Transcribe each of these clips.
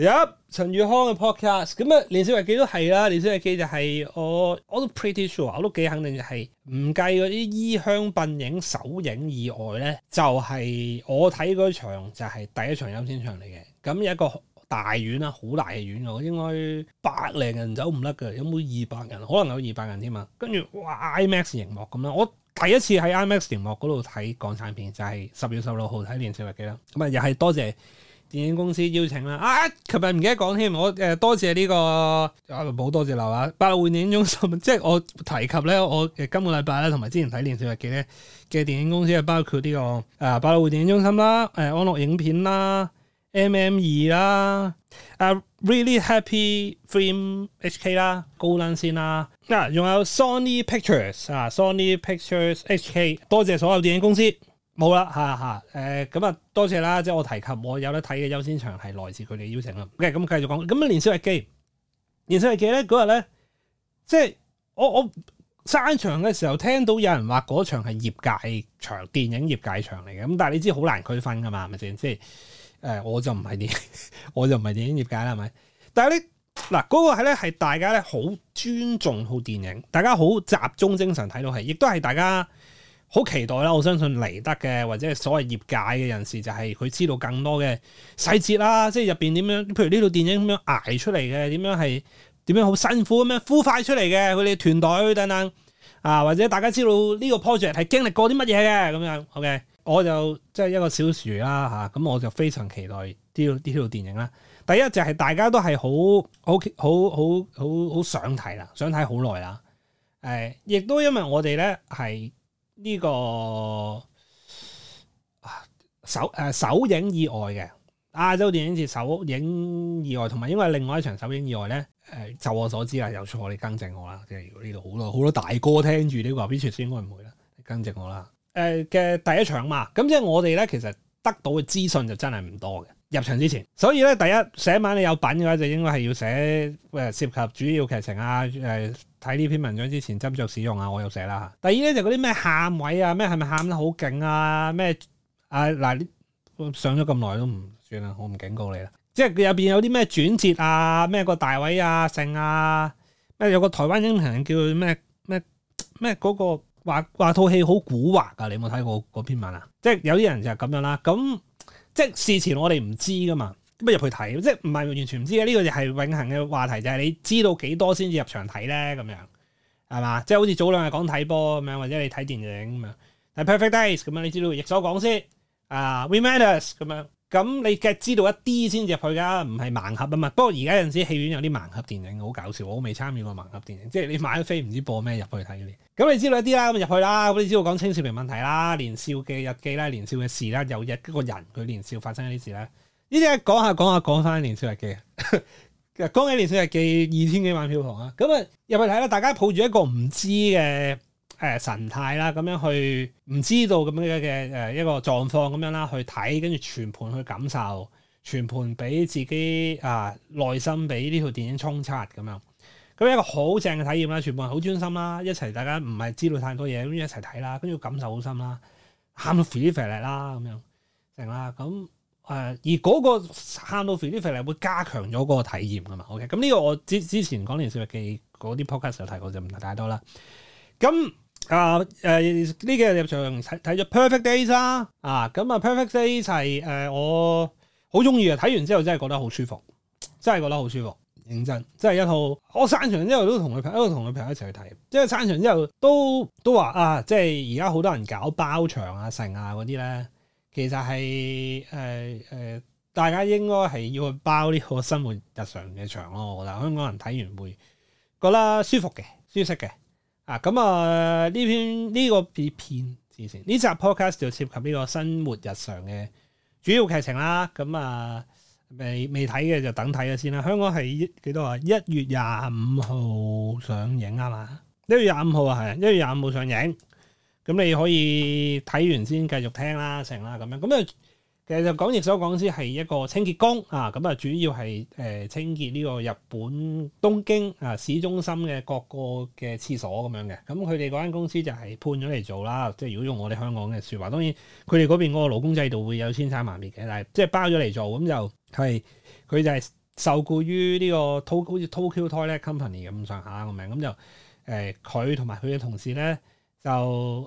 有陳宇康嘅 podcast，咁、嗯、啊《年少日記》都係啦，連就是《年少日記》就係我我都 pretty sure，我都幾肯定就係唔計嗰啲衣香鬢影首映以外咧，就係、是、我睇嗰場就係第一場優先場嚟嘅。咁、嗯、有一個大院啦，好大嘅院，我應該百零人走唔甩嘅，有冇二百人？可能有二百人添啊！跟住哇 IMAX 熒幕咁啦，我第一次喺 IMAX 熒幕嗰度睇港產片，就係、是、十月十六號睇《年少日記》啦、嗯。咁啊，又係多謝,謝。電影公司邀請啦，啊，琴日唔記得講添，我誒、呃、多謝呢、這個阿盧寶多謝樓下百老匯電影中心，即係我提及咧，我今個禮拜咧同埋之前睇《電視日記》咧嘅電影公司係包括呢、這個啊百老匯電影中心啦，誒、啊、安樂影片啦，MM2 啦，誒、MM 啊、Really Happy Film HK 啦，高冷先啦，嗱，仲有 Sony Pictures 啊，Sony Pictures HK，多謝所有電影公司。冇啦吓吓，誒咁啊多謝啦，即係我提及我有得睇嘅優先場係來自佢哋邀請啦。咁、嗯，咁繼續講，咁啊年少日記，年少日記咧嗰日咧，即係我我散場嘅時候聽到有人話嗰場係業界場，電影業界場嚟嘅。咁但係你知好難區分噶嘛，係咪先？即係誒，我就唔係電，我就唔係電影業界啦，係咪？但係你嗱嗰、嗰個係咧，係大家咧好尊重好電影，大家好集中精神睇到係，亦都係大家。好期待啦！我相信嚟得嘅，或者係所謂業界嘅人士，就係佢知道更多嘅細節啦，即係入邊點樣，譬如呢套電影咁樣捱出嚟嘅，點樣係點樣好辛苦咁樣孵化出嚟嘅佢哋團隊等等啊，或者大家知道呢個 project 係經歷過啲乜嘢嘅咁樣。OK，我就即係、就是、一個小薯啦嚇，咁、啊、我就非常期待呢呢套電影啦。第一就係大家都係好好好好好好想睇啦，想睇好耐啦。誒、呃，亦都因為我哋咧係。呢、這個手誒，首映意外嘅亞洲電影節首映意外，同埋因為另外一場首映意外咧，誒、呃，就我所知啊，有錯你更正我啦，即係呢度好多好多大哥聽住呢個 B 站，應該唔會啦，更正我啦。誒、呃、嘅第一場嘛，咁、嗯、即係我哋咧，其實得到嘅資訊就真係唔多嘅入場之前，所以咧第一寫文你有品嘅話，就應該係要寫誒涉及主要劇情啊，誒、呃。睇呢篇文章之前斟酌使用啊！我又寫啦。第二咧就嗰啲咩喊位啊，咩係咪喊得好勁啊？咩啊嗱、啊、上咗咁耐都唔算啦，我唔警告你啦。即係佢入邊有啲咩轉折啊？咩個大位啊、盛啊？咩有個台灣影評人叫咩咩咩嗰個話話套戲好古惑啊！你有冇睇過嗰篇文啊？即係有啲人就係咁樣啦。咁即係事前我哋唔知噶嘛。咁入去睇，即係唔係完全唔知嘅。呢個就係永恒嘅話題，就係、是、你知道幾多先至入場睇咧？咁樣係嘛？即係好似早兩日講睇波咁樣，或者你睇電影咁樣，但係 Perfect Days 咁樣，你知道亦所講先啊 Reminders 咁樣，咁你梗係知道一啲先入去噶，唔係盲盒啊嘛？不過而家有陣時戲院有啲盲盒電影好搞笑，我未參與過盲盒電影，即係你買咗飛唔知播咩入去睇嗰啲。咁你知道一啲啦，咁入去啦，咁你知道講青少年問題啦、年少嘅日記啦、年少嘅事啦、又日嗰個人佢年少發生一啲事啦。呢啲講下講下講翻《年少日記 》，講起《年少日記》二千幾萬票房啊！咁啊入去睇啦，大家抱住一個唔知嘅誒神態啦，咁樣去唔知道咁樣嘅誒一個狀況咁樣啦，去睇跟住全盤去感受，全盤俾自己啊內心俾呢套電影沖刷咁樣，咁一個好正嘅體驗啦！全部好專心啦，一齊大家唔係知道太多嘢，咁一齊睇啦，跟住感受好深啦，喊到肥肥力啦咁樣，成啦咁。誒而嗰、那個喊到肥啲肥嚟 e 會加強咗嗰個體驗㗎嘛？OK，咁呢個我之之前講年少日記嘅嗰啲 podcast 有提過，就唔係太多啦。咁啊誒呢幾日入場睇睇咗 Perfect Days 啦，啊咁啊 Perfect Days 係誒、呃、我好中意啊！睇完之後真係覺得好舒服，真係覺得好舒服，認真真係一套。我散場之後都同女朋友，一個同女朋友一齊去睇，即係散場之後都都話啊，即係而家好多人搞包場啊、剩啊嗰啲咧。其實係誒誒，大家應該係要去包呢個生活日常嘅場咯。我覺得香港人睇完會覺得舒服嘅、舒適嘅啊。咁啊，呢篇呢個片之前呢集 podcast 就涉及呢個生活日常嘅主要劇情啦。咁啊，未未睇嘅就等睇咗先啦。香港係幾多啊？一月廿五號上映啊嘛？一月廿五號啊，係一月廿五號上映。咁、嗯、你可以睇完先繼續聽啦，成啦咁樣。咁啊，其實就講亦所講先係一個清潔工啊。咁啊，主要係誒、呃、清潔呢個日本東京啊市中心嘅各個嘅廁所咁樣嘅。咁佢哋嗰間公司就係判咗嚟做啦。即、就、係、是、如果用我哋香港嘅説話，當然佢哋嗰邊嗰個勞工制度會有千差萬別嘅。但係即係包咗嚟做，咁就係佢就係受僱於呢、這個好似 Tokyo Toilet Company 咁上下咁樣。咁就誒佢同埋佢嘅同事咧。就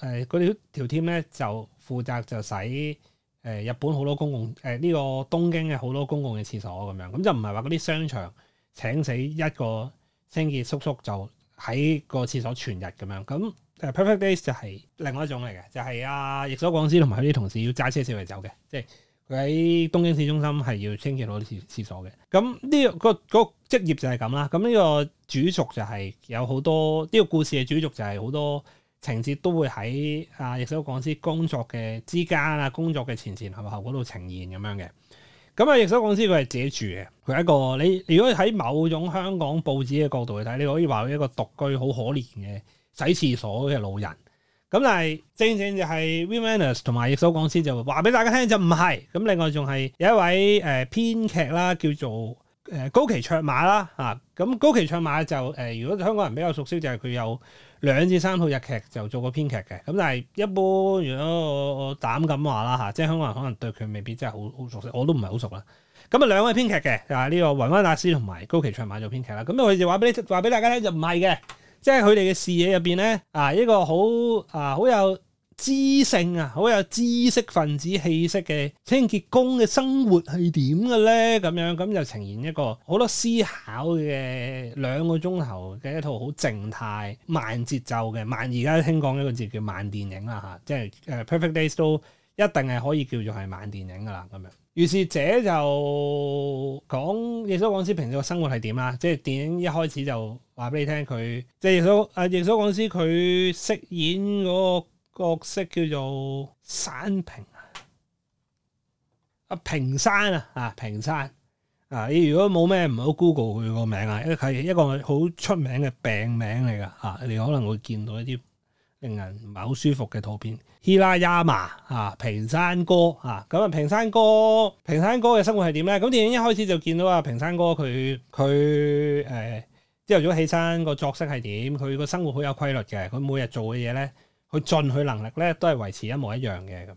誒嗰啲條 team 咧，就負責就使誒、呃、日本好多公共誒呢、呃這個東京嘅好多公共嘅廁所咁樣，咁、嗯、就唔係話嗰啲商場請死一個清潔叔叔就喺個廁所全日咁樣。咁、嗯、誒、啊、Perfect Days 就係另外一種嚟嘅，就係、是、啊，役所廣司同埋啲同事要揸車四圍走嘅，即係佢喺東京市中心係要清潔到啲廁廁所嘅。咁呢、這個嗰、那個嗰、那個、職業就係咁啦。咁呢個主軸就係有好多呢、這個故事嘅主軸就係好多。情節都會喺啊，譯手講師工作嘅之間啊，工作嘅前前後後嗰度呈現咁樣嘅。咁啊，譯手講師佢係自己住嘅，佢係一個你如果喺某種香港報紙嘅角度去睇，你可以話佢一個獨居好可憐嘅洗廁所嘅老人。咁但係正正就係 Wimans 同埋易手講師就話俾大家聽就唔係。咁另外仲係有一位誒、呃、編劇啦，叫做誒、呃、高崎卓馬啦啊。咁高崎卓馬就誒、呃，如果香港人比較熟悉就係、是、佢有，兩至三套日劇就做過編劇嘅。咁但係一般如果我我膽咁話啦嚇，即係香港人可能對佢未必真係好好熟悉，我都唔係好熟啦。咁啊，兩位編劇嘅啊呢個雲安亞斯同埋高奇卓買做編劇啦，咁佢就話俾你話俾大家咧，就唔係嘅，即係佢哋嘅視野入邊咧啊，一個好啊好有。知性啊，好有知識分子氣息嘅清潔工嘅生活係點嘅咧？咁樣咁就呈現一個好多思考嘅兩個鐘頭嘅一套好靜態、慢節奏嘅慢。而家聽講一個字叫慢電影啦嚇，即係誒 Perfect Days 都一定係可以叫做係慢電影噶啦咁樣。於是者就講耶穌講師平時嘅生活係點啊？即係電影一開始就話俾你聽佢，即係耶穌啊耶穌講師佢飾演嗰個角色叫做山平啊，阿平山啊，啊平山啊，你如果冇咩唔好 Google 佢個名啊，因為佢係一個好出名嘅病名嚟噶吓，你可能會見到一啲令人唔係好舒服嘅圖片。希拉雅瑪啊，平山哥啊，咁啊，平山哥，啊啊、平山哥嘅、啊啊啊、生活係點咧？咁電影一開始就見到啊，平山哥佢佢誒朝頭早起身個作息係點？佢個生活好有規律嘅，佢每日做嘅嘢咧。佢盡佢能力咧，都係維持一模一樣嘅咁樣。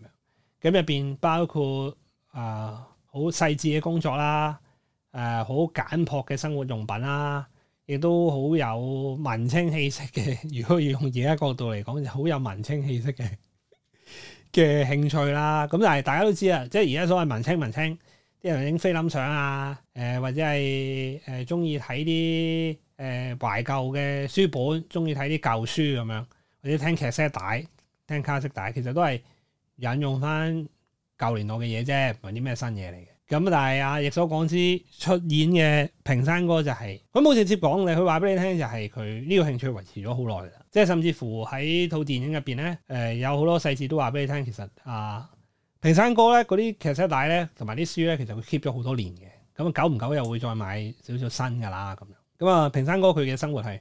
咁入邊包括啊好細緻嘅工作啦，誒好簡樸嘅生活用品啦，亦都好有文青氣息嘅。如果要用而家角度嚟講，就好有文青氣息嘅嘅興趣啦。咁但係大家都知啦，即係而家所謂文青文青，啲人影菲林相啊，誒或者係誒中意睇啲誒懷舊嘅書本，中意睇啲舊書咁樣。或者聽劇社帶、聽卡式帶，其實都係引用翻舊年我嘅嘢啫，唔係啲咩新嘢嚟嘅。咁但係阿易所講之出演嘅平山哥就係、是，佢冇直接講你、就是，佢話俾你聽就係佢呢個興趣維持咗好耐啦。即係甚至乎喺套電影入邊咧，誒、呃、有好多細節都話俾你聽，其實啊平山哥咧嗰啲劇社帶咧同埋啲書咧，其實佢 keep 咗好多年嘅。咁啊久唔久又會再買少少新噶啦咁樣。咁啊平山哥佢嘅生活係，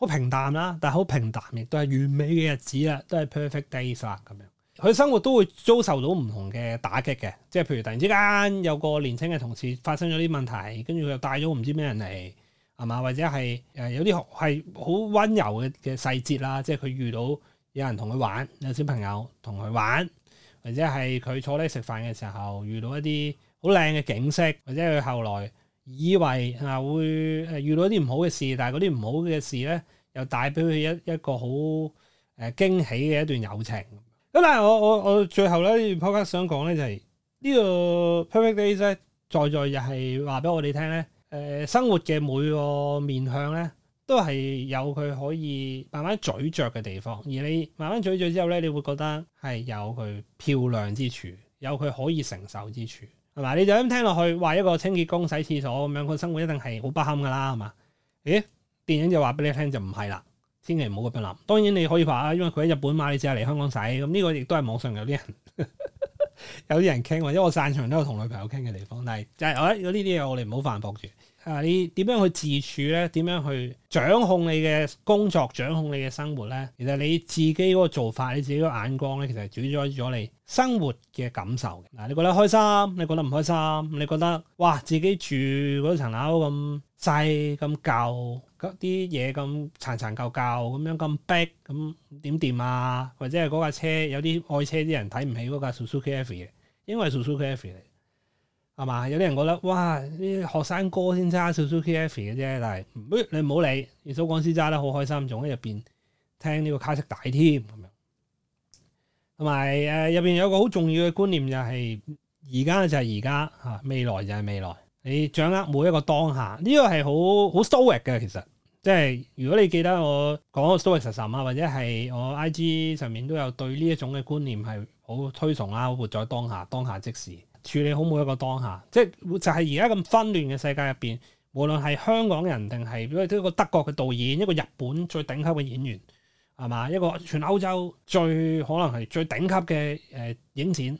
好平淡啦，但係好平淡亦都係完美嘅日子啦，都係 perfect days 啦咁樣。佢生活都會遭受到唔同嘅打擊嘅，即係譬如突然之間有個年輕嘅同事發生咗啲問題，跟住佢又帶咗唔知咩人嚟係嘛，或者係誒有啲係好溫柔嘅嘅細節啦，即係佢遇到有人同佢玩，有小朋友同佢玩，或者係佢坐低食飯嘅時候遇到一啲好靚嘅景色，或者佢後來以為啊會誒遇到一啲唔好嘅事，但係嗰啲唔好嘅事咧。又帶俾佢一一個好誒驚喜嘅一段友情。咁但係我我我最後咧，Paul 哥想講咧就係、是、呢個 Perfect Days 咧，在在又係話俾我哋聽咧。誒生活嘅每個面向咧，都係有佢可以慢慢咀嚼嘅地方。而你慢慢咀嚼之後咧，你會覺得係有佢漂亮之處，有佢可以承受之處。係嘛，你就咁聽落去，話一個清潔工洗，洗廁所咁樣，佢、那個、生活一定係好不堪噶啦，係嘛？咦？電影就話俾你聽，就唔係啦。千祈唔好咁樣諗。當然你可以話啊，因為佢喺日本買，你淨係嚟香港使。咁呢個亦都係網上有啲人呵呵有啲人傾，或者我散場都有同女朋友傾嘅地方。但係就係、是、我覺得呢啲嘢我哋唔好犯駁住啊。你點樣去自處咧？點樣去掌控你嘅工作、掌控你嘅生活咧？其實你自己嗰個做法、你自己個眼光咧，其實主宰咗你生活嘅感受。嗱，你覺得開心，你覺得唔開心，你覺得哇自己住嗰層樓咁細咁舊。啲嘢咁殘殘舊舊咁樣咁逼，咁點掂啊？或者係嗰架車有啲愛車啲人睇唔起嗰架 Suzuki Every 嘅，因為 Suzuki Every 嚟係嘛？有啲人覺得哇，啲學生哥先揸 Suzuki Every 嘅啫，但係唔你唔好理，二手公司揸得好開心，仲喺入邊聽呢個卡式帶添咁樣。同埋誒入邊有個好重要嘅觀念，就係而家就係而家嚇，未來就係未來。你掌握每一個當下，呢、這個係好好 stoic 嘅，其實即係如果你記得我講 stoic 實神啊，或者係我 IG 上面都有對呢一種嘅觀念係好推崇啦，活在當下，當下即時處理好每一個當下，即係就係而家咁紛亂嘅世界入邊，無論係香港人定係，因為一個德國嘅導演，一個日本最頂級嘅演員，係嘛一個全歐洲最可能係最頂級嘅誒、呃、影展。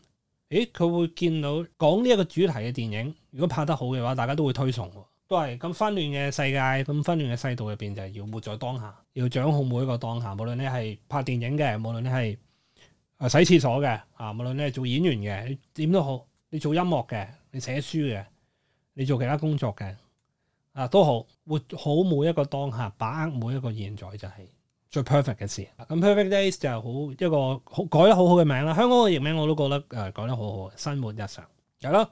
誒，佢會見到講呢一個主題嘅電影，如果拍得好嘅話，大家都會推崇。都係咁紛亂嘅世界，咁紛亂嘅世道入邊，就係要活在當下，要掌控每一個當下。無論你係拍電影嘅，無論你係洗廁所嘅啊，無論你係做演員嘅，你點都好，你做音樂嘅，你寫書嘅，你做其他工作嘅啊都好，活好每一個當下，把握每一個現在就係最 perfect 嘅事，咁 perfect days 就係好一個好改得好好嘅名啦。香港嘅譯名我都覺得誒、呃，改得好好，新活日常係咯。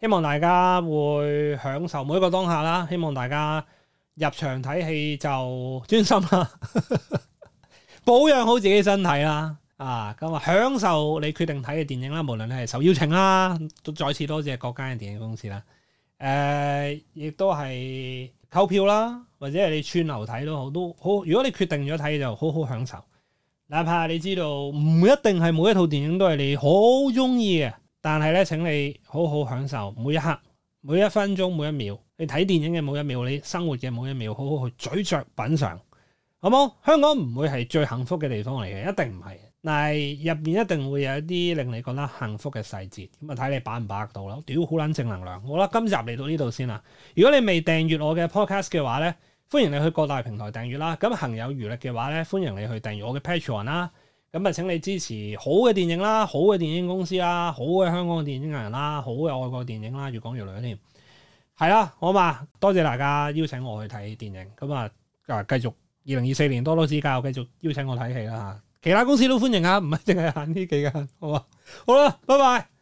希望大家會享受每一個當下啦。希望大家入場睇戲就專心啦，保養好自己身體啦。啊，咁啊，享受你決定睇嘅電影啦。無論你係受邀請啦，再次多謝各間嘅電影公司啦。誒、呃，亦都係購票啦。或者係你串流睇都好，都好。如果你決定咗睇，就好好享受。哪怕你知道唔一定係每一套電影都係你好中意嘅，但係咧，請你好好享受每一刻、每一分鐘、每一秒。你睇電影嘅每一秒，你生活嘅每一秒，好好去咀嚼、品嘗，好冇？香港唔會係最幸福嘅地方嚟嘅，一定唔係。但係入面一定會有一啲令你覺得幸福嘅細節，咁啊睇你把唔把握到咯。屌好撚正能量，好啦，今集嚟到呢度先啦。如果你未訂閱我嘅 podcast 嘅話咧，歡迎你去各大平台訂閱啦。咁行有餘力嘅話咧，歡迎你去訂閱我嘅 Patreon 啦。咁啊，請你支持好嘅電影啦，好嘅電影公司啦，好嘅香港嘅電影人啦，好嘅外國電影啦，越講越耐添。係啦、啊，好嘛，多謝大家邀請我去睇電影，咁啊啊繼續二零二四年多多指教，我繼續邀請我睇戲啦嚇。其他公司都歡迎啊，唔係淨係行呢幾間，好啊，好啦，拜拜。